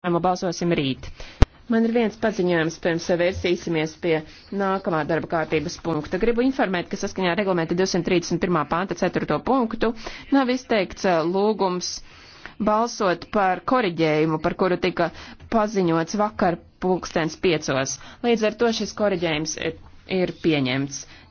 jautājumu balsosim rīt. Man ir viens paziņojums, pirms vērsīsimies pie nākamā darba kārtības punkta. Gribu informēt, ka saskaņā reglamenta 231. panta 4. punktu nav izteikts eh, lūgums balsot par koriģējumu, par kuru tika paziņots vakar pulkstens piecos. Līdz ar to šis koriģējums ir, eh, ir pieņemts.